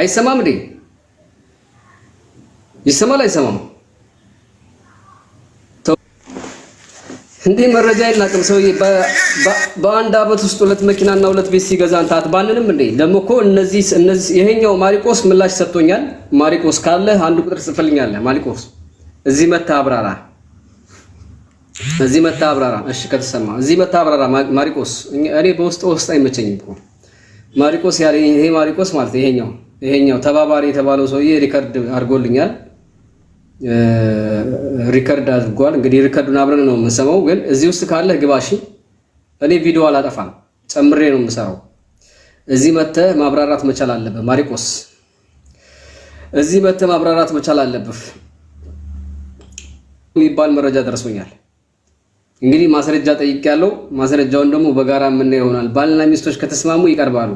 አይሰማም እንዴ? ይሰማል አይሰማም? እንዴ መረጃ የላቅም ሰውዬ። በአንድ አመት ውስጥ ሁለት መኪናና ሁለት ቤት ሲገዛ አንተ አትባንንም እንዴ? ደግሞ እኮ እነዚህ እነዚህ ይሄኛው ማሪቆስ ምላሽ ሰጥቶኛል። ማሪቆስ ካለ አንድ ቁጥር ጽፈልኛለህ። ማሪቆስ እዚህ መታ አብራራ፣ እዚህ መታ አብራራ። እሺ ከተሰማ እዚህ መታ አብራራ ማሪቆስ። እኔ በውስጥ ውስጥ አይመቸኝም እኮ ማሪቆስ ያለ ይሄ ማሪቆስ ማለት ይሄኛው ይሄኛው ተባባሪ የተባለው ሰውዬ ሪከርድ አድርጎልኛል። ሪከርድ አድርጓል። እንግዲህ ሪከርዱን አብረን ነው የምሰማው ግን እዚህ ውስጥ ካለ ግባሽ። እኔ ቪዲዮ አላጠፋም፣ ጨምሬ ነው የምሰራው። እዚህ መተህ ማብራራት መቻል አለብህ ማሪቆስ፣ እዚህ መተህ ማብራራት መቻል አለብህ የሚባል መረጃ ደርሶኛል። እንግዲህ ማስረጃ ያለው ማስረጃውን ደግሞ በጋራ የምናየው ይሆናል። ባልና ሚስቶች ከተስማሙ ይቀርባሉ።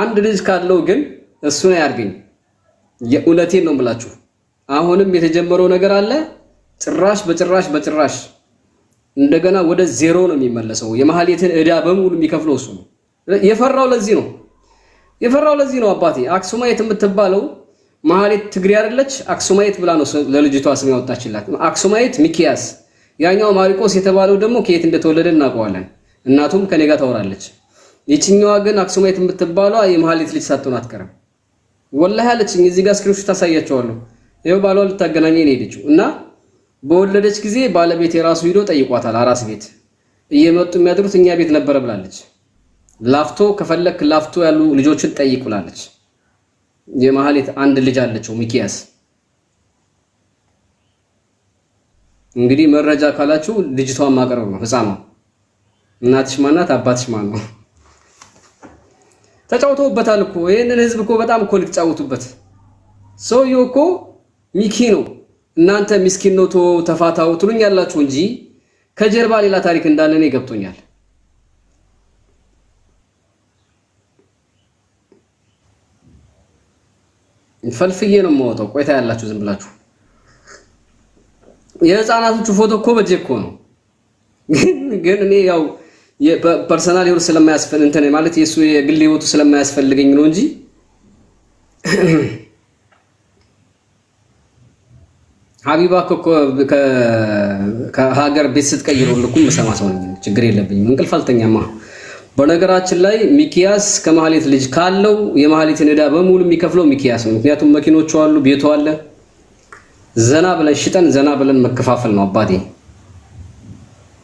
አንድ ልጅ ካለው ግን እሱን አያድርገኝ። የእውነቴን ነው የምላችሁ። አሁንም የተጀመረው ነገር አለ። ጭራሽ በጭራሽ በጭራሽ እንደገና ወደ ዜሮ ነው የሚመለሰው። የመሀሌትን እዳ በሙሉ የሚከፍለው እሱ ነው። የፈራው ለዚህ ነው የፈራው ለዚህ ነው። አባቴ አክሱማየት የምትባለው መሀሌት ትግሬ አይደለች፣ አክሱማይት ብላ ነው ለልጅቷ ስም ያወጣችላት። አክሱማይት ሚኪያስ፣ ያኛው ማሪቆስ የተባለው ደግሞ ከየት እንደተወለደ እናውቀዋለን። እናቱም ከኔ ጋር ታወራለች። ይችኛዋ ግን አክሱማይት የምትባሏ የመሀሌት ልጅ ሳትሆን አትቀርም። ወላሂ አለችኝ። እዚህ ጋር ስክሪንሾት ታሳያቸዋለሁ። ይኸው ባሏ ልታገናኘ ነው ሄደችው እና በወለደች ጊዜ ባለቤት የራሱ ሂዶ ጠይቋታል። አራስ ቤት እየመጡ የሚያድሩት እኛ ቤት ነበረ ብላለች። ላፍቶ ከፈለክ ላፍቶ ያሉ ልጆችን ጠይቅ ብላለች። የማህሌት አንድ ልጅ አለችው ሚኪያስ። እንግዲህ መረጃ ካላችሁ ልጅቷን ማቅረብ ነው። ህፃኗ እናትሽ ማናት? አባትሽ ማን ነው? ተጫውተውበታል እኮ ይህንን ህዝብ እኮ በጣም እኮ ልትጫወቱበት። ሰውየው እኮ ሚኪ ነው። እናንተ ሚስኪን ነው ተፋታው ትሉኛላችሁ እንጂ ከጀርባ ሌላ ታሪክ እንዳለ እኔ ገብቶኛል። ፈልፍዬ ነው የማወጣው። ቆይታ ያላችሁ ዝም ብላችሁ የህፃናቶቹ ፎቶ እኮ በጄ እኮ ነው። ግን እኔ ያው ፐርሰናል ህይወት ስለማያስፈል እንትን ማለት የእሱ የግል ህይወቱ ስለማያስፈልገኝ ነው እንጂ ሀቢባ እኮ ከሀገር ቤት ስትቀይረው ልኩም መሰማ ሰው ችግር የለብኝም። እንቅልፍ አልተኛማ በነገራችን ላይ ሚኪያስ ከማህሌት ልጅ ካለው የማህሌትን ዕዳ በሙሉ የሚከፍለው ሚኪያስ ነው። ምክንያቱም መኪኖቹ አሉ፣ ቤቱ አለ። ዘና ብለን ሽጠን ዘና ብለን መከፋፈል ነው። አባቴ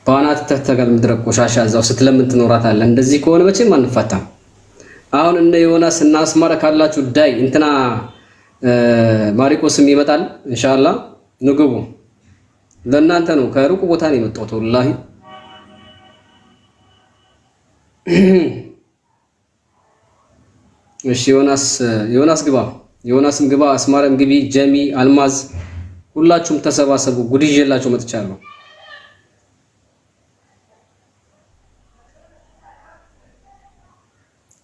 በአናት ተተገል ምድረ ቆሻሻ እዛው ስትለምን ትኖራታለህ። እንደዚህ ከሆነ መቼም አንፋታም። አሁን እነ ዮናስ እና አስማረ ካላችሁ ዳይ እንትና ማሪቆስም ይመጣል እንሻላ ንግቡ ለእናንተ ነው። ከሩቁ ቦታ ነው የመጣሁት ተውላሂ እሺ ዮናስ ዮናስ ግባ፣ ዮናስም ግባ፣ አስማረም ግቢ፣ ጀሚ አልማዝ፣ ሁላችሁም ተሰባሰቡ። ጉድ ይዤላችሁ መጥቻለሁ።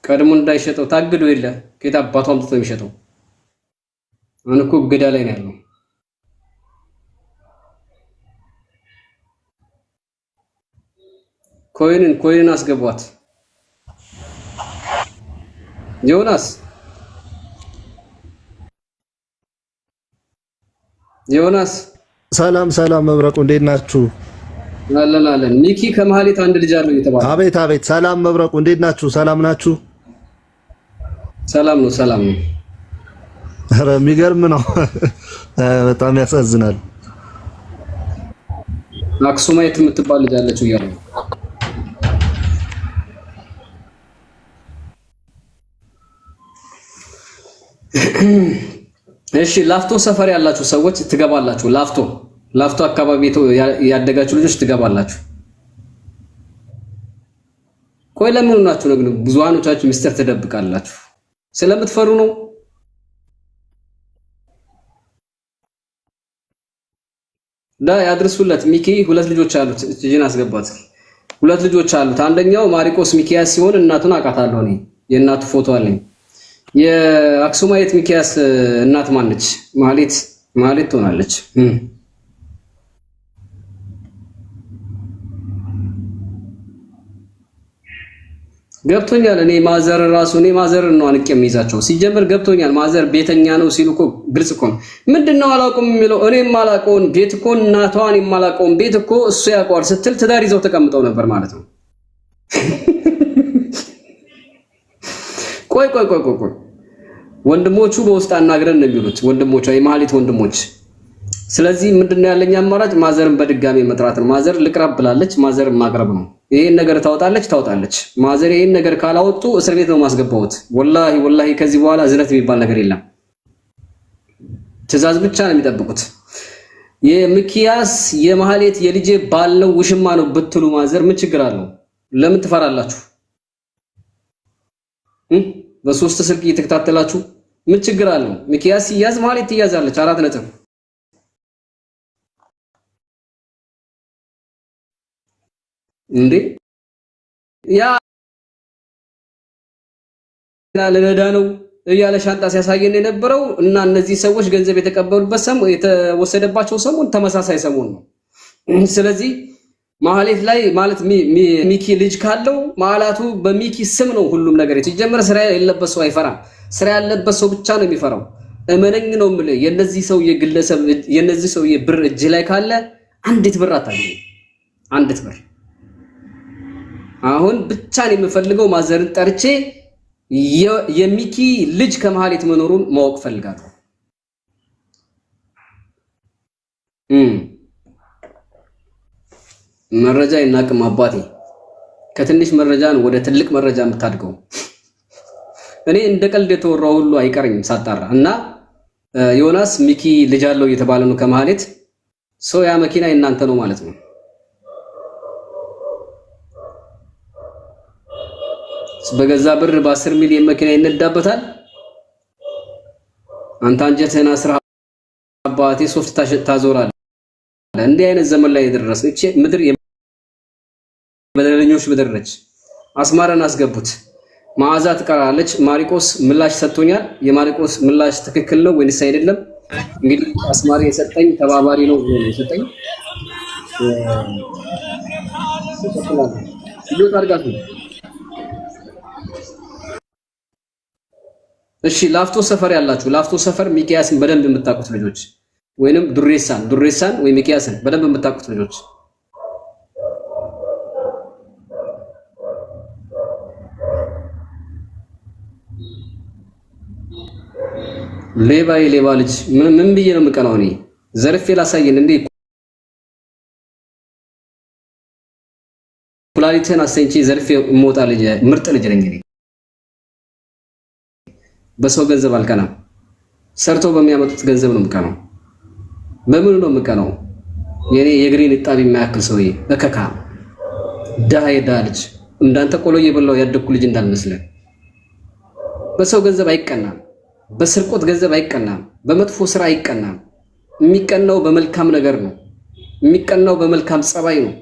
ቀድሞ እንዳይሸጠው ታግዶ የለ ጌታ አባቱ አምጥቶ የሚሸጠው አሁን እኮ እገዳ ላይ ነው ያለው። ኮይንን ኮይንን አስገቧት። ዮናስ ዮናስ ሰላም ሰላም፣ መብረቁ እንዴት ናችሁ? አለን አለን። ሚኪ ከመሀሌት አንድ ልጅ አለው እየተባለ አቤት አቤት። ሰላም መብረቁ እንዴት ናችሁ? ሰላም ናችሁ? ሰላም ነው፣ ሰላም ነው። ኧረ የሚገርም ነው። በጣም ያሳዝናል። አክሱማይት የምትባል ልጅ አለችው እያለ ነው እሺ ላፍቶ ሰፈር ያላችሁ ሰዎች ትገባላችሁ። ላፍቶ ላፍቶ አካባቢ ያደጋችሁ ልጆች ትገባላችሁ። ቆይ ለምን ሆናችሁ ነው ግን ብዙሃኖቻችሁ ምስጢር ትደብቃላችሁ? ስለምትፈሩ ነው። ዳ ያድርሱለት። ሚኪ ሁለት ልጆች አሉት። እጅን አስገባት። ሁለት ልጆች አሉት። አንደኛው ማሪቆስ ሚኪያስ ሲሆን እናቱን አውቃታለሁ እኔ የእናቱ ፎቶ አለኝ። የአክሱማዊት ሚኪያስ እናት ማነች? ማህሌት ማህሌት ትሆናለች። ገብቶኛል። እኔ ማዘር ራሱ እኔ ማዘር ነው አንቄ የሚይዛቸው ሲጀምር ገብቶኛል። ማዘር ቤተኛ ነው ሲሉ እኮ ግልጽ እኮ ነው። ምንድን ነው አላውቅም የሚለው እኔ የማላውቀውን ቤት እኮ እናቷን የማላውቀውን ቤት እኮ እሱ ያውቀዋል ስትል ትዳር ይዘው ተቀምጠው ነበር ማለት ነው። ቆይ ቆይ ቆይ ቆይ ወንድሞቹ በውስጥ አናግረን ነው የሚሉት ወንድሞቿ፣ የማህሌት ወንድሞች። ስለዚህ ምንድነው ያለኝ አማራጭ ማዘርን በድጋሚ መጥራት ነው። ማዘር ልቅረብ ብላለች፣ ማዘርን ማቅረብ ነው። ይሄን ነገር ታወጣለች ታወጣለች። ማዘር ይሄን ነገር ካላወጡ እስር ቤት ነው ማስገባውት። ወላሂ ወላሂ፣ ከዚህ በኋላ እዝነት የሚባል ነገር የለም። ትዕዛዝ ብቻ ነው የሚጠብቁት። የምኪያስ የማህሌት የልጄ ባለው ውሽማ ነው ብትሉ ማዘር ምን ችግር አለው? ለምን ትፈራላችሁ? በሶስት ስልክ እየተከታተላችሁ ምን ችግር አለው? ሚኪያስ ሲያዝ ማለት ትያዛለች። አራት ነጥብ እንዴ ያ ለነዳ ነው እያለ ሻንጣ ሲያሳየን የነበረው እና እነዚህ ሰዎች ገንዘብ የተቀበሉበት ሰሞን የተወሰደባቸው ሰሞን ተመሳሳይ ሰሞን ነው። ስለዚህ ማህሌት ላይ ማለት ሚኪ ልጅ ካለው ማላቱ በሚኪ ስም ነው ሁሉም ነገር። ሲጀመር ስራ የሌለበት ሰው አይፈራም። ስራ ያለበት ሰው ብቻ ነው የሚፈራው። እመነኝ ነው የምልህ። የነዚህ ሰው የግለሰብ የነዚህ ሰው የብር እጅ ላይ ካለ አንዲት ብር አታገኝም። አንዲት ብር አሁን ብቻ ነው የምፈልገው። ማዘርን ጠርቼ የሚኪ ልጅ ከማህሌት መኖሩን ማወቅ ፈልጋለሁ። መረጃ ይናቅም አባቴ። ከትንሽ መረጃን ወደ ትልቅ መረጃ የምታድገው እኔ እንደ ቀልድ የተወራው ሁሉ አይቀርኝም ሳጣራ እና ዮናስ ሚኪ ልጅ አለው እየተባለ ነው ከማህሌት ሰው ያ መኪና የእናንተ ነው ማለት ነው። በገዛ ብር በአስር ሚሊዮን መኪና ይነዳበታል። አንተ አንጀትህን አስራ አባቴ ሶፍት ታዞራለህ። እንዲህ አይነት ዘመን ላይ የደረሰች ምድር በደለኞች ምድር ነች። አስማራን አስገቡት። መዓዛ ትቀራለች። ማሪቆስ ምላሽ ሰጥቶኛል። የማሪቆስ ምላሽ ትክክል ነው ወይንስ አይደለም? እንግዲህ አስማሪ የሰጠኝ ተባባሪ ነው የሰጠኝ ነው። እሺ ላፍቶ ሰፈር ያላችሁ ላፍቶ ሰፈር ሚኪያስን በደንብ የምታውቁት ልጆች ወይንም ዱሬሳን ዱሬሳን ወይ ሚኪያስን በደንብ የምታውቁት ልጆች ሌባ የሌባ ልጅ ምን ብዬ ነው የምቀናው? እኔ ዘርፌ ላሳየን እንዴ? ኩላሊትህን አሰንቼ ዘርፌ የምወጣ ልጅ ምርጥ ልጅ ነኝ እኔ። በሰው ገንዘብ አልቀናም። ሰርቶ በሚያመጡት ገንዘብ ነው የምቀናው። በምኑ ነው የምቀናው? የኔ የግሪን እጣቢ የማያክል ሰውዬ እከካ ድሃ የድሃ ልጅ እንዳንተ ቆሎ የበላው ያደግኩ ልጅ እንዳልመስለን። በሰው ገንዘብ አይቀናም። በስርቆት ገንዘብ አይቀናም፣ በመጥፎ ስራ አይቀናም። የሚቀናው በመልካም ነገር ነው። የሚቀናው በመልካም ጸባይ ነው።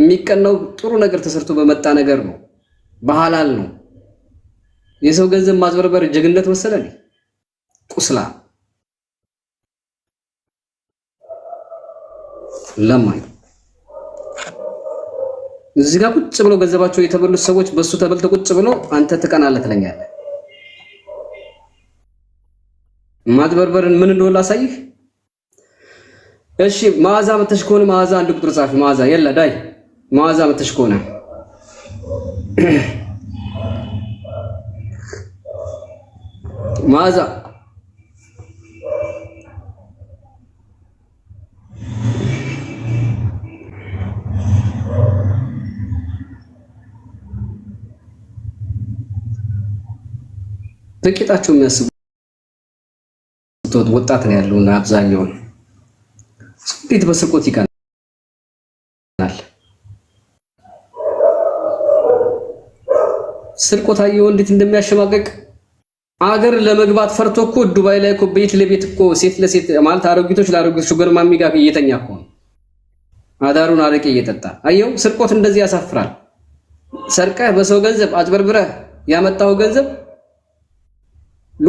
የሚቀናው ጥሩ ነገር ተሰርቶ በመጣ ነገር ነው። በሐላል ነው። የሰው ገንዘብ ማዝበርበር ጀግነት መሰለኝ። ቁስላ ለማኝ እዚህ ጋር ቁጭ ብለው ገንዘባቸው የተበሉት ሰዎች በሱ ተበልተ ቁጭ ብሎ አንተ ትቀናለህ ትለኛለህ። ማጭበርበርን ምን እንደሆነ ላሳይህ። እሺ መዓዛ መተሽ ከሆነ መዓዛ አንድ ቁጥር ጻፊ። መዓዛ የለ ዳይ መዓዛ መተሽ ከሆነ መዓዛ ጥቂታቸው የሚያስቡ ወጣት ነው ያለውና እና አብዛኛውን እንዴት በስርቆት ይቀናል? ስርቆት አየሁ እንዴት እንደሚያሸማቀቅ አገር ለመግባት ፈርቶ እኮ ዱባይ ላይ እኮ ቤት ለቤት እኮ ሴት ለሴት ማለት አሮጊቶች ለአሮጊቶች ሹገር ማሚ ጋር እየተኛ እኮ አዳሩን አረቄ እየጠጣ አየው። ስርቆት እንደዚህ ያሳፍራል። ሰርቀህ በሰው ገንዘብ አጭበርብረህ ያመጣው ገንዘብ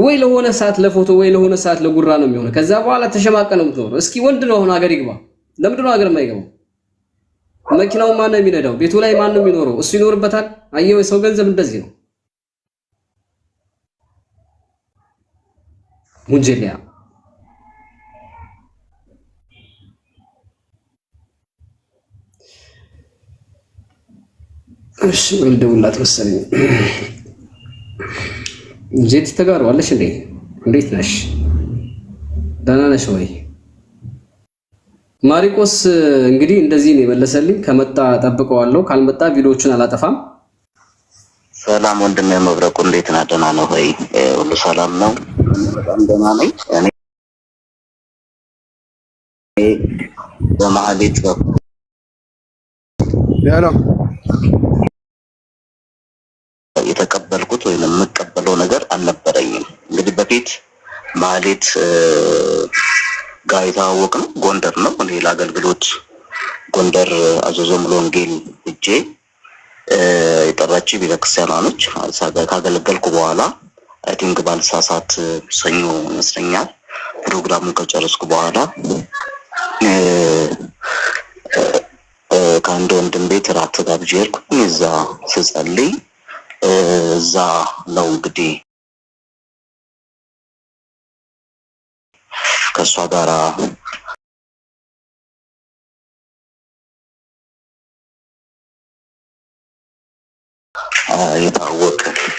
ወይ ለሆነ ሰዓት ለፎቶ ወይ ለሆነ ሰዓት ለጉራ ነው የሚሆነው። ከዛ በኋላ ተሸማቀ ነው የምትኖረው። እስኪ ወንድ ነው አሁን ሀገር ይግባ። ለምንድን ነው ሀገር የማይገባው? መኪናውን ማን ነው የሚነዳው? ቤቱ ላይ ማን ነው የሚኖረው? እሱ ይኖርበታል። አየው፣ የሰው ገንዘብ እንደዚህ ነው። ሙንጀሊያ እሺ፣ ወልደውላት መሰለኝ ዜድ ተጋሩ አለሽ እንዴ? እንዴት ነሽ? ደህና ነሽ ወይ? ማሪቆስ እንግዲህ እንደዚህ ነው የመለሰልኝ። ከመጣ ጠብቀዋለሁ፣ ካልመጣ ቪዲዮዎቹን አላጠፋም። ሰላም ወንድሜ መብረቁ፣ እንዴት ነህ? ደህና ነው ወይ? ሁሉ ሰላም ነው? በጣም ደህና ነኝ። እኔ በማህሌት የተቀበልኩት ወይንም በፊት ማሌት ጋር የተዋወቅ ነው። ጎንደር ነው። እኔ ለአገልግሎት ጎንደር አዘዞ ሙሉ ወንጌል እጄ የጠራች ቤተክርስቲያኗ ነች። ካገለገልኩ በኋላ አይ ቲንክ ባልሳሳት ሰኞ ይመስለኛል ፕሮግራሙን ከጨረስኩ በኋላ ከአንድ ወንድም ቤት ራት ጋብዤ ሄድኩኝ። እዛ ስጸልይ እዛ ነው እንግዲህ ከእሷ ጋራ የታወቀ